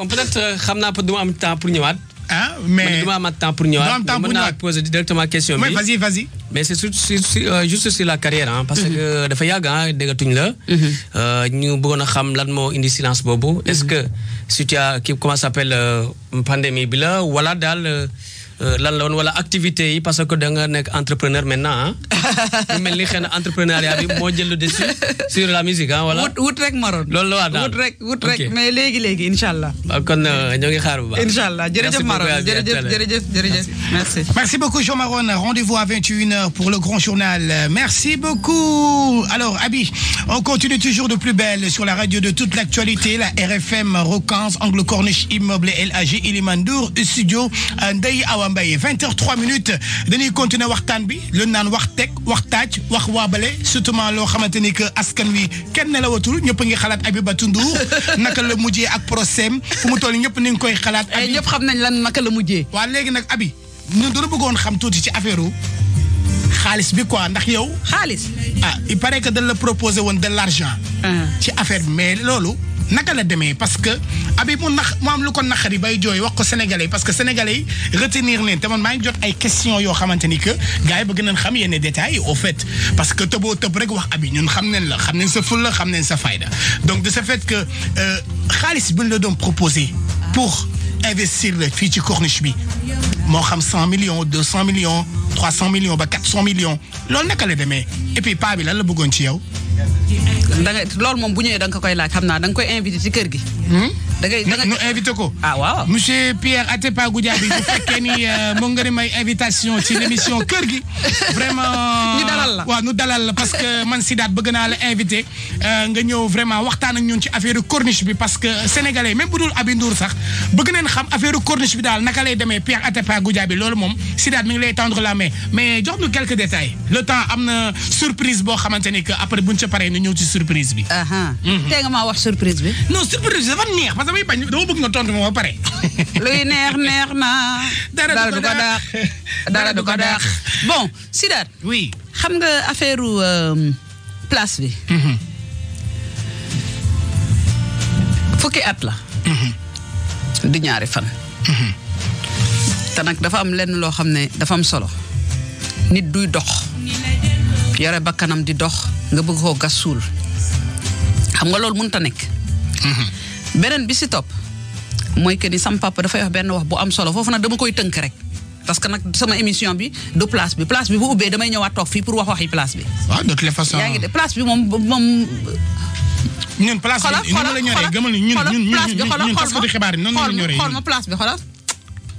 bon peut euh, xam naa peut du ma am temps pour ñëwaat. ah mais du ma amaat temps pour ñëwaat. du am temps pour ñëwaat mën naa poser directement question bi. oui vas y mais c' est sur euh, juste sur la carrière ah. que dafa yàgg ah déggatuñ la. Mm-hmm. Euh, ñu bëggoon a xam lan moo indi silence boobu. est ce mm-hmm. que si tu as kii comment s' appelle pandémie bi la wala daal. Euh, lan la woon wala activité yi parce que da nga nekk entrepreneur maintenant ah. mel xëy na entrepreneuriat bi moo jël le dessus sur la musique ah, la waa daal wut rek wut rek mais euh, xaar allah jërëjëf maroon jërëjëf jërëjëf jërëjëf merci. merci beaucoup Jean Maron rendez-vous à 21h pour le grand journal merci beaucoup alors Mbaye 20h03 minutes dañuy continuer waxtaan bi luñ naan wax teg wax taaj wax waabale surtout loo xamante ni que askan wi kenn ne la watul ñëpp ngi xalaat ba tundu naka la mujjee ak procès fu mu toll ñëpp ni ngi koy xalaat. Eh, abi ñëpp xam nañ lan naka la mujjee. waa léegi nag abi ñun dina bëggoon xam tuuti ci affaire xaalis bi ko ndax yow. xaalis ah il paraît que dañ la proposé woon de l'argent. Ah. ci affaire bi loolu. naka la demee parce que abi mu nax mu am lu ko naqari bay jooy wax ko sénégalais parce que sénégalais yi retenir leen maa ngi jot ay yoo xamante ni gars yi bëgg nañ xam yenn détails au fait parce que tëboo tëb rek wax Habib ñun xam nañ la xam nañ sa ful la xam nañ sa fayda donc de ce fait euh, xaalis bi la doon proposé pour investir la fii ci corniche bi moo xam 100 millions 200 millions 300 millions ba 400 millions loolu naka la demee et puis paa bi lan la bëggoon ci yow. dangay loolu moom bu ñëwee da koy laaj xam naa da nga koy invité ci kër gi. Hmm? da ngay da invité ko. ah waaw monsieur Pierre Atepa Goudiaby bu fekkee ni euh, invitation ci l'émission kër gi vraiment. ñu dalal la waaw dalal la parce que man Sidaat bëgg naa la invité euh, nga ñëw vraiment waxtaan ak ñun ci affaire corniche bi parce que sénégalais même bu dul Aby Ndour sax bëgg nañ xam affaire corniche bi daal naka lay demee Pierre Atepa Goudiaby loolu moom Sidaat mi ngi tendre la main mais jox ñu quelques détails le temps am na surprise boo xamante ni que après buñ paree ñu ñëw ci surprise. surprise mhm. nga maa wax surprise bi. non surprise bi dafa neex parce que bañ dama bëgg nga tontu ma ba pare. luy neex neex naa. dara du ko daax dara du ko daax bon Sidaat. oui euh, mhm. la. Mhm. di ñaari fan. te nag dafa am lenn loo xam ne dafa am solo. nit duy dox. yore bakkanam di dox nga bëgg koo gas suul. xam nga loolu mënut a nekk. Mhm. beneen bi si topp mooy que ni sam papa dafay wax benn wax bu am solo foofu nag dama koy tënk rek. parce que nag sama émission bi du place bi place bi bu ubbee damay ñëwaat toog fii pour wax waxi place bi. waaw de toutes les façons moom moom. ñun place bi ñun la ñoree gëmal ñun ñun ñun ñun taskatu xibaar yi noonu la xool ma place bi xoolal.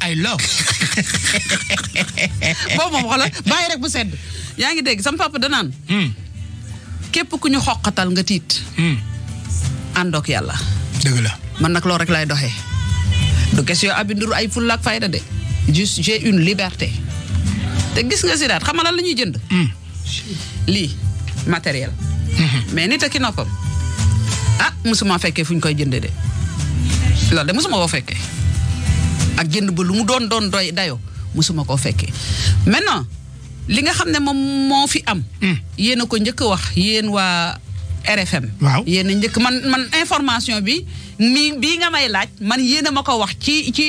ay love. boobu moom xoolal bàyyi rek bu sedd. yaa ngi dégg sama papa danaan. Hmm. képp ku ñu xoqatal nga tiit. Hmm. àndook yàlla. dëgg la man nag loolu rek lay doxee. du question Aby Ndour ay fulla ak fayda de. juste j'ai une liberté. te gis nga Sidaat xam lan la ñuy jënd. Hmm. lii matériel. Hmm. mais nit ak i a ah mosuma fekkee fu ñu koy jëndee de. loolu de mosuma koo fekkee. ak jënd ba lu mu doon doon doy dayoo mosuma koo fekkee maintenant. li nga xam ne moom moo fi am. Hmm. yéen a ko njëkk wax yéen waa RFM. waaw yéen a njëkk man man information bi mi bii nga may laaj man yéen a ma ko wax ci ci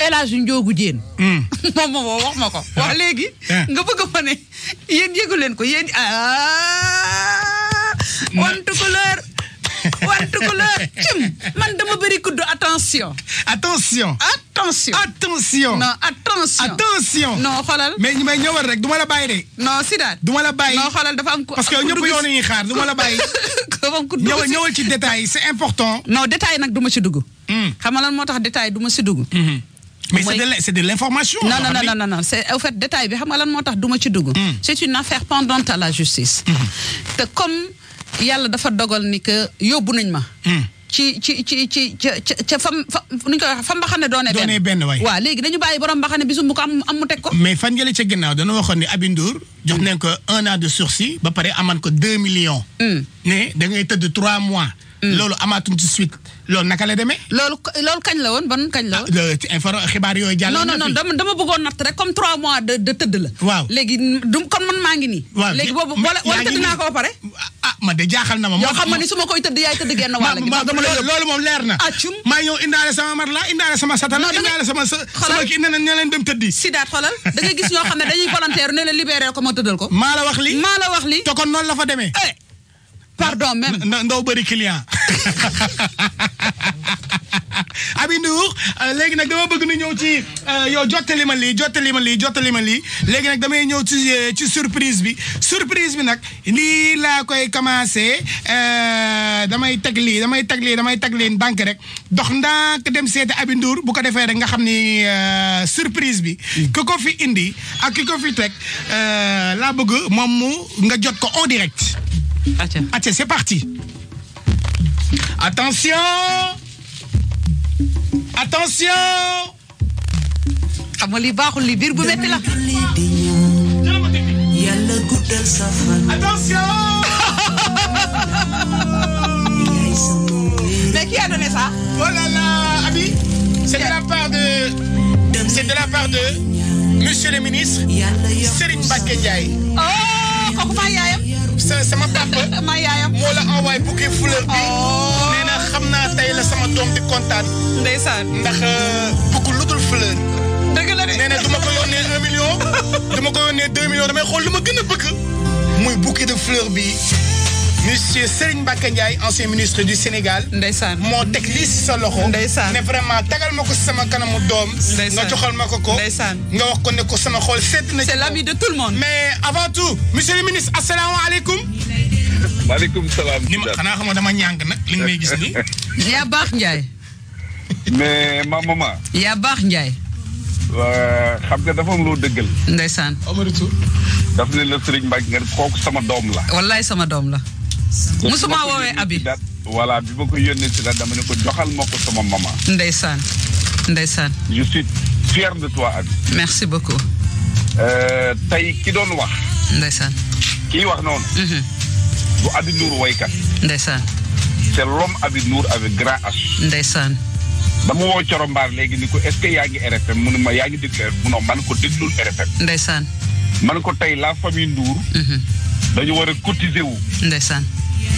El Hadj Ndiogou Diène. Hmm. moom moo wax ma ko. wax léegi. Eh. nga bëgg ma ne yéen yëgu leen ko yéen. Ah, on tukulóor couleur cim man dama bëri kuddu attention. attention attention attention. attention attention. non xoolal. mais mais rek du ma la bàyyi de. non Sidaat. du ma la bàyyi non xoolal dafa am. parce que ñëpp yoon nañuy la bàyyi. ñëwal ñëwal ci détail c'est important. non détail nag du ma ci dugg. Hmm. xam moo tax détail du ci dugg. Hmm. mais c'est de l'information. non non non non c'est au fait détail bi xam moo tax du ci dugg. Hmm. c'est une affaire pendante à la justice. te comme. yàlla dafa dogal ni que yóbbu nañ ma. Hmm. ci ci ci ci ca ca fam fa nu ñu koy waxee fa mbaxane doone benn doone benn waay. waaw léegi dañu bàyyi borom mbaxane bisum bu ko am am mu teg ko. mais fan yële ca ginnaaw dañoo waxoon ne Aby Ndour jox nañ ko un an de sursis ba pare amaan ko deux millions. Hmm. ne da ngay tëdd trois mois. Mm. loolu amaatum ci suite loolu naka la demee. loolu loolu kañ la woon ban kañ la woon. Ah, euh, ci xibaar yooyu jàll. non non non dama dama bëggoon natt rek comme 3 mois de de tëdd la. waaw léegi du kon man maa ngi nii. waaw léegi boobu wala wala tëdd naa ko ba pare. ah, ah man de jaaxal na ma. moo xam ma ni su ma koy tëdd yaay tëdd genn wàll gi. dama la loolu moom leer na. acum ah, maa ñëw indaale sama mar la indaale sama satana. indaale sama sa sama kii nee na leen dem tëddi. sidaat xolal da nga gis ñoo xam ne dañuy volontaire ne la libéré ko ma tëddal ko. maa la wax li maa la wax li te kon noonu la fa demee eh, pardon même ndaw bëri client Aby euh, léegi nag dama bëgg nu ñëw ci euh, yow jottali ma lii jottali ma lii jottali ma lii léegi nag damay ñëw ci euh, ci surprise bi surprise bi nag lii laa koy commencé damay teg lii damay teg lii damay teg lii ndànk rek dox ndànk dem seeti Aby Ndour bu ko defee rek nga xam ni surprise bi mm. ki ko fi indi ak ki ko fi teg laa bëgg moom nga jot ko en direct Attends, c'est parti. Attention Attention xam nga li baaxul li biir bu metti la. yàlla guddal sa fan. attention. mais qui a donné ça. oh là là Abi. c'est de la part de. c'est de la part de monsieur le ministre Serigne Mbacké Ndiaye. oh kooku maa yaayam. sa sama papa. ma yaayam moo la envoyé bouquet fleur bi. nee xam naa tey la sama doom di kontaan. ndeysaan ndax euh, bëggul lu dul fleur. dëgg la de nee na du ma ko yónnee un du ma ko yónnee deux millions damay xool lu ma gën a bëgg. muy bouquet de fleur bi. monsieur Serigne Mbacké Ndiaye ancien ministre du Sénégal. ndeysaan moo teg lii si sa loxo. ndeysaan ne vraiment tagal ma ko sama kanamu doom. nga joxal ma ko ko. ndeysaan nga wax ko ne ko sama xool seet na. c'est l'ami de tout le monde. mais avant tout monsieur le ministre asalaamaaleykum. maaleykum salaam. ni ma xanaa xam nga dama ñàng nag li nga may gis nii. yaa baax Ndiaye. mais ma maman. yaa baax Ndiaye. Euh, xam nga dafa am loo dëggal. ndeysaan. Amadou daf ne la Serigne Mbacké nga kooku sama doom la. wallaay sama doom la. musuma woowee abi voilà bi ma ko yónnee si la dama ne ko joxal ma ko sama maman. ndeysaan ndeysaan. je suis fier de merci beaucoup. Euh, tey ki doon wax. ndeysaan. wax noonu. bu mhm. Aby Ndour waykat. ndeysaan. c'est l'homme Aby Ndour avec grand H. ndeysaan. dama woo Coro léegi ni ko est-ce que yaa ngi RFM mu ne ma yaa ngi déglu mu ne man ko déglul RFM. ndeysaan. man ko tey la famille Ndour. Mhm. dañu war a cotiser wu. ndeysaan.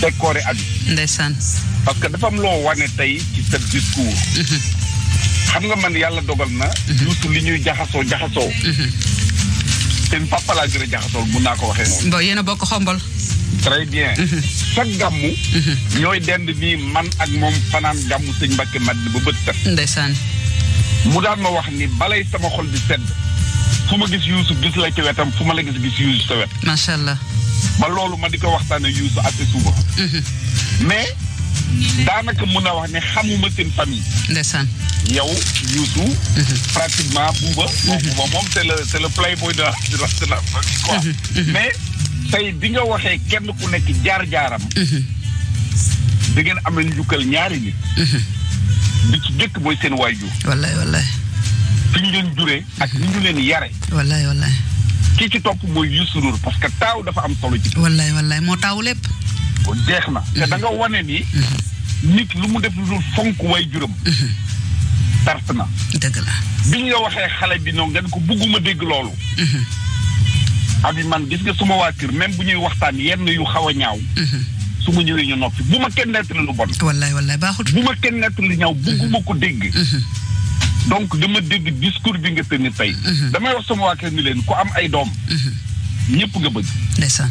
décorer àdduna. ndeysaan. parce que dafa am loo wane tey ci sa discours. Mhm. xam nga man yàlla dogal na. surtout mhm. li ñuy jaxasoo jaxasoo. Mhm. seen papa laa gën a mun naa ko waxee noonu. bon yéen a bokk xombal. très bien. chaque gàmmu. ñooy dend bi man ak moom fanaan gàmmu sëñ Mbacke mat ba bët set. ndeysaan. mu daan ma wax ni balay sama xol di sedd fu ma gis Youssouf gis la ci wetam fu ma la gis gis Youssouf sa wet. macha allah. ma loolu ma di ko waxtaane Youssou assez souvent. Mhm. mais daanaka mun a wax ne xamuma seen famille. ndeysaan. yow Youssou. Mhm. pratiquement Bouba. Mhm. bon Bouba moom c'est le c'est le playboy de la la famille mais tey bi nga waxee kenn ku nekk jaar-jaaram. da ngeen amee njukkal ñaari nit. bi ci jëkk mooy seen waajur. wallaay wallaay. fi ñu leen juree. ak ni ñu leen yare. wallaay wallaay. kii ci topp mooy Youssou Ndour parce que taaw dafa am solo ci. wallaay wallaay moo taaw lépp. deex na mm-hmm. te danga nga nii ni. Mm-hmm. nit lu mu def lu dul fonk way juram. tart mm-hmm. na. dëgg la biñ nga waxee xale bi noonu ngeen ko bugguma dégg loolu. abi man gis nga suma waa kër même bu ñuy waxtaan yenn yu xaw a ñaaw. su ma ñëwee ñu noppi bu ma kenn nettali lu bon. wallaay wallaay baaxul bu ma kenn nettali lu ñaaw bugguma ko dégg. donc dama dégg discours bi nga tënni tey. Mhm. damay wax sama waa ni leen ku am ay doom. Mhm. ñëpp nga bëgg. ndeysaan.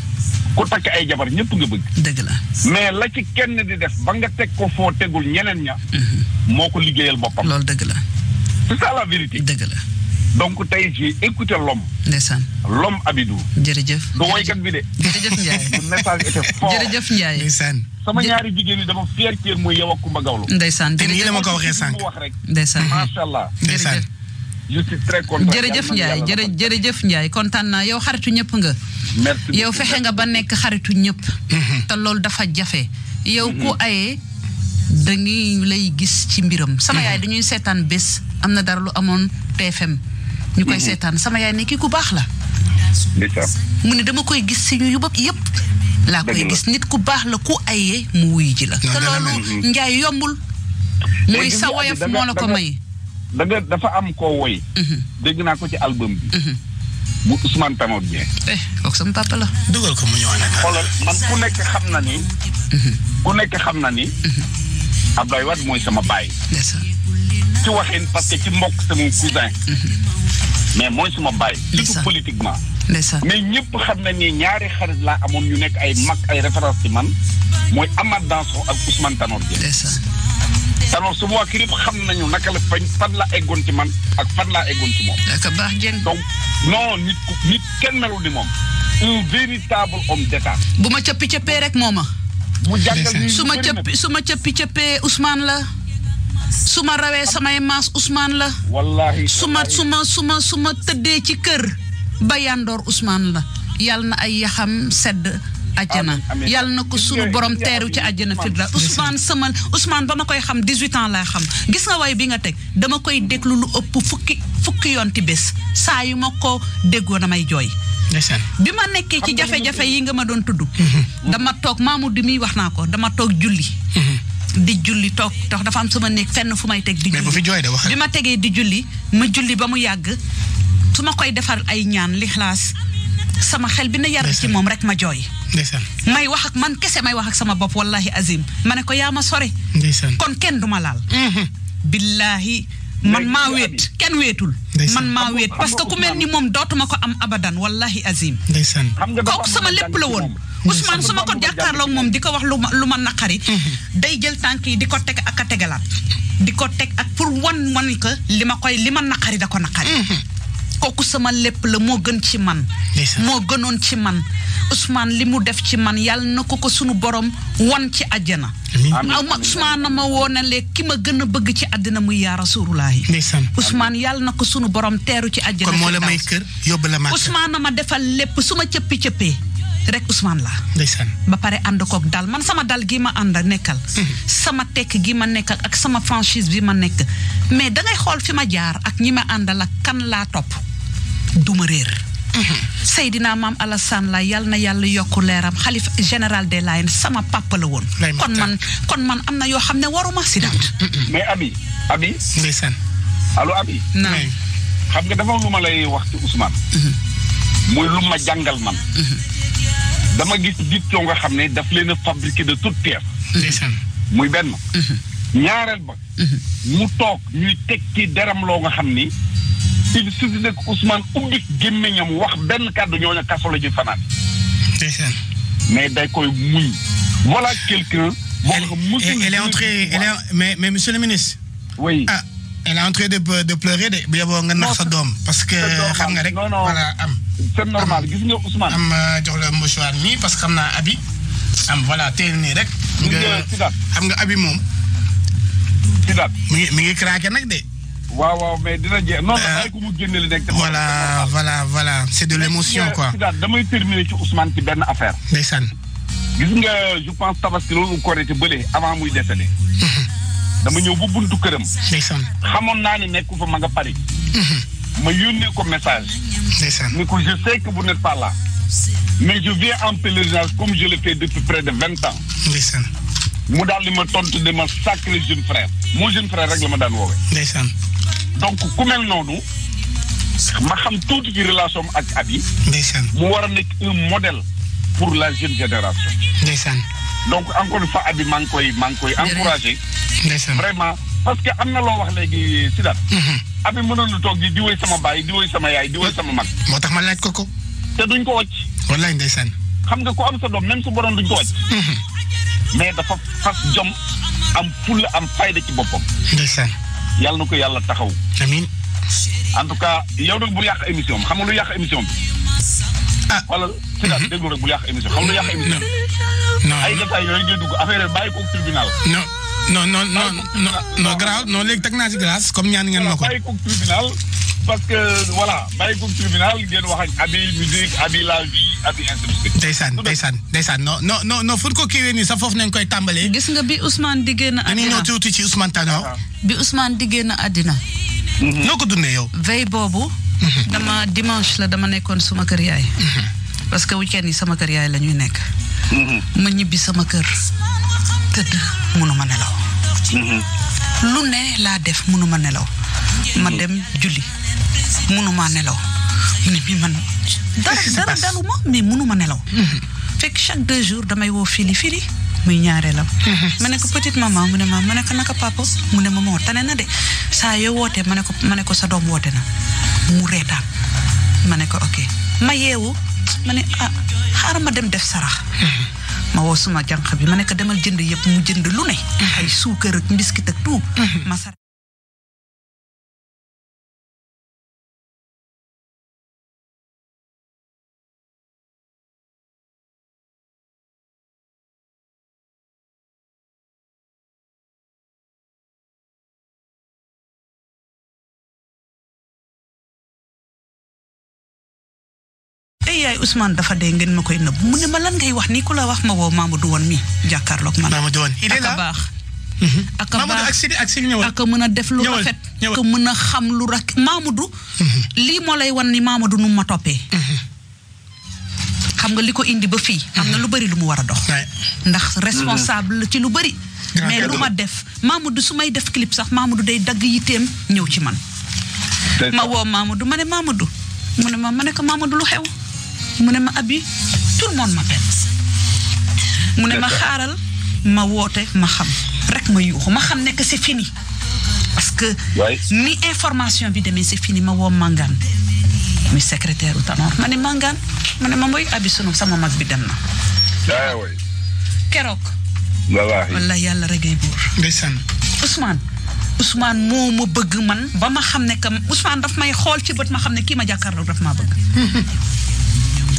ku takk ay jabar ñëpp nga bëgg. dëgg la. mais la ci kenn di def ba nga teg ko foo tegul ñeneen ña. Mhm. moo ko liggéeyal boppam. loolu dëgg la. c'est ça la vérité. dëgg la. donc tey jii écouter l'homme. ndeysaan l'homme Abidou. jërëjëf du woykat jërëjëf Ndiaye le message était jigéen ñi dama yow ak Kumba Gawlo. ndeysaan jërëjëf ma ko waxee sànq. ndeysaan macha allah. ndeysaan je jërëjëf Ndiaye jërëjëf Ndiaye kontaan yow xaritu ñëpp nga. merci fexe nga ba nekk xaritu ñëpp. Mm-hmm. te loolu dafa jafe. yow ku mm-hmm. ayee dañuy lay gis ci mbiram. sama mm-hmm. yaay dañuy seetaan bés am na dara lu amoon TFM ñu koy seetaan sama yaay ne kii ku baax la. mu ne dama koy gis si ñu bopp yëpp. laa koy gis nit ku baax la ku ayee mu wuy ji la. te loolu njaay yombul. muy sa woyof may. danga dafa am koo woy. Mhm. naa ko ci album bi. Mhm. bu Ousmane Tanor Dieng. Eh, sama papa la. dugal ko mu ñëw nag. xoolal man ku xam na ni. ku nekk xam na ni. Mhm. Abdoulaye Wade mooy sama baay. ci waxin parce que ci mbokk sama cousin. mais mooy suma bàyyi. surtout politiquement. mais ñëpp xam na ni ñaari xarit laa amoon ñu nekk ay mag ay référence ci man mooy Amath Dansokho ak Ousmane Tanor Dieng. Tanor su ma waa kii yëpp xam nañu naka la fañ la eggoon ci man ak fan laa eggoon ci moom. naka baax Dieng. donc non nit ku nit kenn melul ni moom. un véritable homme d'état. bu ma cëppi cëppee rek mooma. mu jàngal su ma cëppi su ma cëppi cëppee Ousmane la. su ma rawee samay maas Ousmane la. wallaahi su ma su ma su ma su ma tëddee ci kër. ba yandoor usmaan la yal na ay yaxam sedd. àjjana yal na ko sunu borom teeru ci àjjana firda Ousmane sama usmaan ba ma koy xam 18 ans laa xam gis nga way bi nga teg dama koy déglu lu ëpp fukki fukki yoon ti saa yu ma ko déggoo damay jooy. bi ma nekkee ci jafe-jafe yi nga ma doon tudd. Mhm. dama toog Mamoudou mi wax naa ko dama toog julli. Mhm. di julli toog tax dafa am sama néeg fenn fu may teg di julli mais bu jooy de wax bi ma tegee di julli ma julli ba mu yàgg su ma koy defar ay ñaan lixlaas sama xel bi ne yar si moom rek ma jooy may wax man kese may wax ak sama bopp wallahi azim ma ne ko yaa ma sore kon kenn duma laal mhm. billahi man maa wéet kenn wéetul man maa wéet parce que ku mel ni moom dootuma ko am abadan wallahi azim kooku sama lépp la woon Ousmane su ma ko jàkkaarloog moom di ko wax lu ma lu ma naqari. Mhm. day jël tànk yi di ko teg ak a tegalaat. di ko teg ak pour wan ni que li ma koy li ma naqari da ko naqari. Mhm. kooku sama lépp la moo gën ci man. moo gënoon ci man Ousmane li mu def ci man yàlla na ko ko sunu borom wan ci àjjana. amiin Ousmane ma woonalee ki ma gën a bëgg ci àddina muy yaa Rasulullaahi. ndeysaan Ousmane yàlla na ko sunu borom teeru ci àjjana. may kër yóbbu la ma ma defal lépp su ma cëppi cëppee. rek Ousmane la ba pare ànd kook dal man sama dal gi ma ànd nekkal mhm. sama tekk gi ma nekkal ak sama franchise bi ma nekk mais dangay xool fi ma jaar ak ñi ma àndal ak kan laa topp du ma réer mhm. Seydina Maam Alassane la yal na yàlla yokk leeram xalif général des Layènes sama papa la woon kon man am na yoo xam ne waruma si daat mhm, mais abi abi ndeysaan allo abi naa xam nga dafa lu ma lay wax ci Ousmane muy lu ma jàngal man dama gis nit yoo nga xam ne daf leen a de tout pièces. ndeysaan muy benn. Mhm. ñaareel ba. Mhm. mu toog ñuy tekki deram loo nga xam ni. il suffisait que Ousmane ubbi gémmiñam wax benn kàddu ñooñu kaso la fanaan. ndeysaan mais day koy muñ. wala quelqu'un bon elle est entrée elle est mais mais monsieur le ah elle est en de de pleurer de nga nax sa doom. parce que xam nga rek voilà am. c'est normal gis nga Ousmane. am euh, jox la mouchoir nii parce que xam naa abi voilà teel nii rek. nga abi moom. Sidaat mi ngi mi ngi nag de. waaw waaw mais dina jeex non non euh, ku mu génneel rek. damay terminer ci Ousmane ci benn affaire. day gis nga je pense avant muy décédé. Mhm. dama ñëw bu buntu këram. ndeysaan xamoon naa ne nekku fa ma nga Paris. Mhm. ma yónnee ko message. ni ko je sais que vous n'êtes pas mais je viens en pèlerinage comme je le fais depuis près de vingt ans. mu daal di ma tontu de ma sacré jeune frère. moo jeune frère rek la ma daan woowee. ndeysaan. donc ku mel noonu. ma xam tuuti ci relation ak Abi. ndeysaan mu war a nekk un modèle pour la jeune génération. ndeysaan. donc encore une fois Abi maa koy encouragé. ndeysaan vraiment. parce que am na loo wax léegi si daal. Mhm. abi mënoon lu toog di di woy sama baay di woy sama yaay di woy sama mag. moo tax ma laaj ko ko. te duñ ko wàcc. wallaay ndeysaan. xam nga ko am sa doom même su borom duñ ko wàcc. Mhm. mais dafa fas jom am fulla am fayda ci boppam. ndeysaan. yàlla na ko yàlla taxaw. amiin. en tout cas yow nag bu yàq émission xam nga lu yàq émission bi. ah xoolal Sida déglu rek bul yàq émission xam nga yàq émission. non ay détails yooyu ngay dugg affaire naa ci glace comme ñaan ngeen ma ko. bàyyi ko tribunal parce que voilà bàyyi ko tribunal ngeen wax ak abi la vie abi institut. ndeysaan ndeysaan ndeysaan non non non non fu foofu nañ koy tàmbalee. gis nga bi Ousmane di génn àddina dañuy ñëw tuuti ci bi Ousmane di génn àddina. noo ko dundee yow. veille boobu. Mhm. dama dimanche la dama nekkoon suma kër yaay. Mhm. parce que weekend yi sama kër yaay la ñuy nekk. Mhm. ma ñibbi sama kër tëdd mënuma nelaw. lu ne laa def mënuma nelaw. ma dem julli mënuma nelaw. ni bi man dara dara daluma nelaw. fekk chaque deux jours damay woo fili fili. muy ñaareelam. ma ne ko petite maman mu ne ma ma ne ko naka papa mu ne ma moo tane na de saa yoo wootee ma ne ko ma ne ko sa doom woote na. mu reetaan ma ne ko ok ma yeewu ma ne ah, xaaral ma dem def sarax. ma woo suma jànq bi ma ne ko demal jënd yëpp mu jënd lu ne. Mm-hmm. ay suukar ak mbiskit ak tout. Mm-hmm. ay yaay dafa dee ngeen ma koy nëbb mu ma lan ngay wax ni ku wax ma woo Mamadou woon mi jàkkaarloog man. Mamadou woon a baax mhm. ak a mën a def lu rafet. ak a mën a xam lu rak Mamadou. Mhm. lii moo lay won ni Mamadou nu ma toppee. Mhm. xam nga li ko indi ba fii. xam nga lu bari lu mu war a dox. ndax responsable ci lu bari. mais lu ma def Mamadou su may def clip sax Mamadou day dagg yitteem ñëw ci man. ma woo Mamadou ma ne Mamadou mu ne ma ma ne ko lu xew. mu ne ma abi tout le monde m'appelle mu ne ma xaaral ma woote ma xam rek ma yuuxu ma xam ne que c'est fini parce que ni information bi demee c'est fini ma woo Mangane muy secrétaire u Tanor ma ne Mangane ma ne ma mooy abi sunu sama mag bi dem na ah keroog wallahi yàlla rek ay buur ndeysaan Ousmane Ousmane moo ma bëgg man ba ma xam ne que Ousmane daf may xool ci bët ma xam ne kii ma jàkkaarloo daf ma bëgg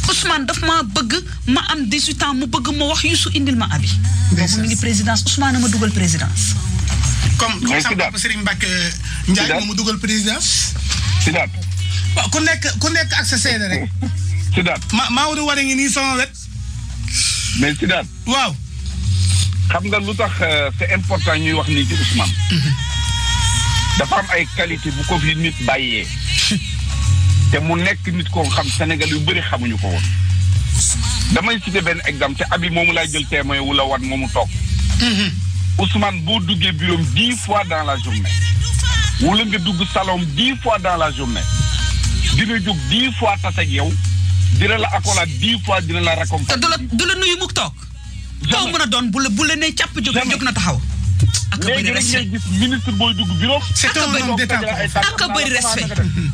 Ousmane daf ma bëgg ma am 18 ans mu bëgg ma wax Youssou indil ma abi. boobu mi ngi présidence Ousmane ma dugal présidence. comme comme sama papa Serigne Mbacke euh, Ndiaye moom mu dugal présidence. Sidaat. waaw ku nekk ku nekk ak sa seede rek. Sidaat ma Maodo war a ngi nii sama wet. mais Sidaat. waaw. xam nga lu tax euh, c'est important ñuy wax nii ci Ousmane. Mhm. dafa am ay qualité bu ko fi nit bàyyee. te mu nekk nit koo xam Sénégal yu bëri xamuñu ko woon damay cité benn exemple te abi moom laay jël témoin wu la wan moomu toog mhm. Ousmane boo dugge bureau dix fois dans la journée wala nga dugg salon dix fois dans la journée dina jóg dix fois tase ak yow dina la accolade dix fois dina la récompense. te du la du la nuyu mukk toog. jamais mën a doon bu la bu la nee càpp jóg jóg na taxaw. ak bëri respect léegi rek ngay gis ministre booy dugg bureau. c'est un homme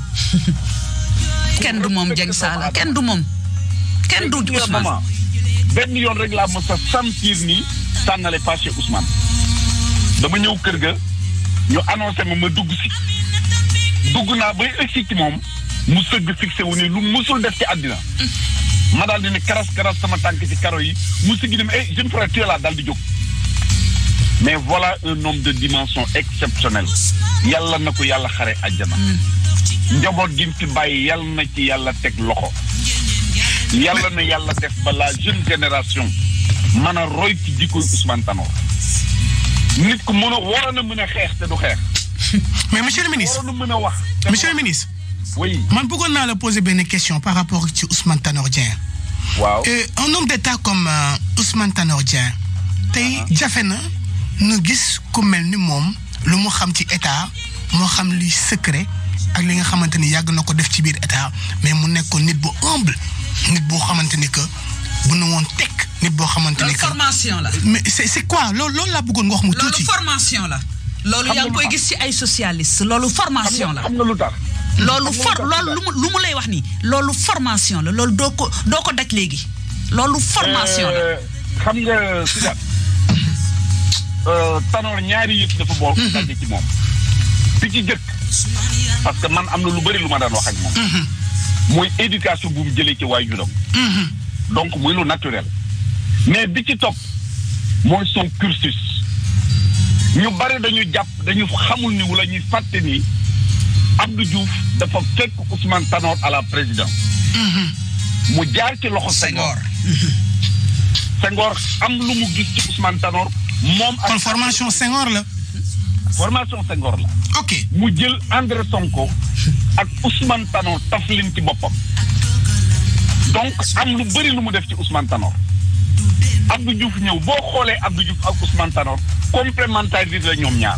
kenn du moom Dieng Saala kenn du moom kenn du Ousmane benn yoon rek laa mos sa sentir nii sànnale pas chez Ousmane dama ñëw kër ga ñu annoncé ma ma dugg si dugg naa bay ëgsi ci moom mu sëgg fixé wu ne lu musul def ci àddina ma daal di ne karas karas sama tànk ci karo yi mu siggi ne ma eh je me ferai tuer là di jóg mais voilà un homme de dimension exceptionnelle yàlla na ko yàlla xare àjjana mm. njaboot gi mu bàyyi yal na ci yàlla teg loxo yàlla na yàlla def ba la jeune génération mën a roy ci jikko Ousmane Tanor nit ku mën a waroon a mën a xeex te du xeex. mais monsieur le ministre waroon mën a wax. monsieur le ministre. oui man bëggoon naa la poser benn question par rapport ci Ousmane Tanor Dieng. waaw euh, un homme d'État comme euh, Ousmane Tanor Dieng. tey ah. jafe na nu gis ku mel ni moom lu mu xam ci état moo xam li secret. ak li nga xamante ni yàgg na ko def ci biir état mais mu nekkoon nit bu humble nit boo xamante ni que bu nu woon tekk nit boo xamante ni que formation la. mais c'est c'est quoi loolu loolu laa bëggoon nga wax ma tuuti. loolu formation la. loolu yaa gis ci ay socialiste loolu formation la xam nga lu tax. loolu for mu lay wax nii loolu formation la loolu doo ko doo ko daj léegi loolu formation la. Euh, euh, ñaari yëpp dafa mm-hmm. ci moom. bi ci jëkk parce que man am na lu bëri lu ma daan wax ak moom. mooy éducation bu mu jëlee ci waajuram. donc muy lu naturel. mais bi ci topp mooy son cursus ñu bëri dañu jàpp dañu xamul ni wala ñuy fàtte ni Abdou Diouf dafa fekk Ousmane Tanor à la président mu jaar ci loxo Senghor. Senghor am lu mu gis ci Ousmane Tanor moom. ak kon formation la. formation Senghor la. ok mu jël André Sonko ak Ousmane Tanor taf leen ci boppam. donc am lu bëri lu mu def ci Ousmane Tanor. Abdou Diouf ñëw boo xoolee Abdou Diouf ak Ousmane Tanor complémentarité la ñoom ñaar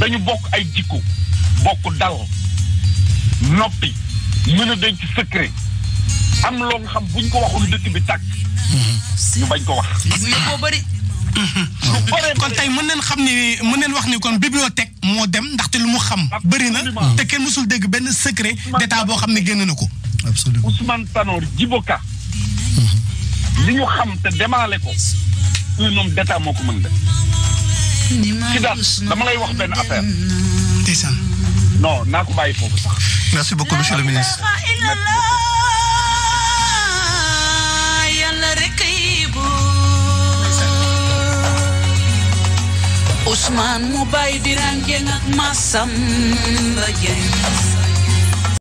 dañu bokk ay jikko bokk dal noppi mën a denc secret am loo nga xam buñ ko waxul dëkk bi tàkk mhm. ñu bañ ko wax. gis nga koo kon tey mën neen xam ni mën neen wax ni kon bibliothèque moo dem ndaxte lu mu xam bëri na te kenn mësul dégg benn secret d'état boo xam ne génn na ko absolument Ousmane Tanor Djiboka li ñu xam te demaale ko un homme d'état moo ko mën def ci daal dama lay wax benn affaire ndeysaan non naa ko bàyyi foofu sax Ousmane mu bay di ràngeen ak Massamba Dieng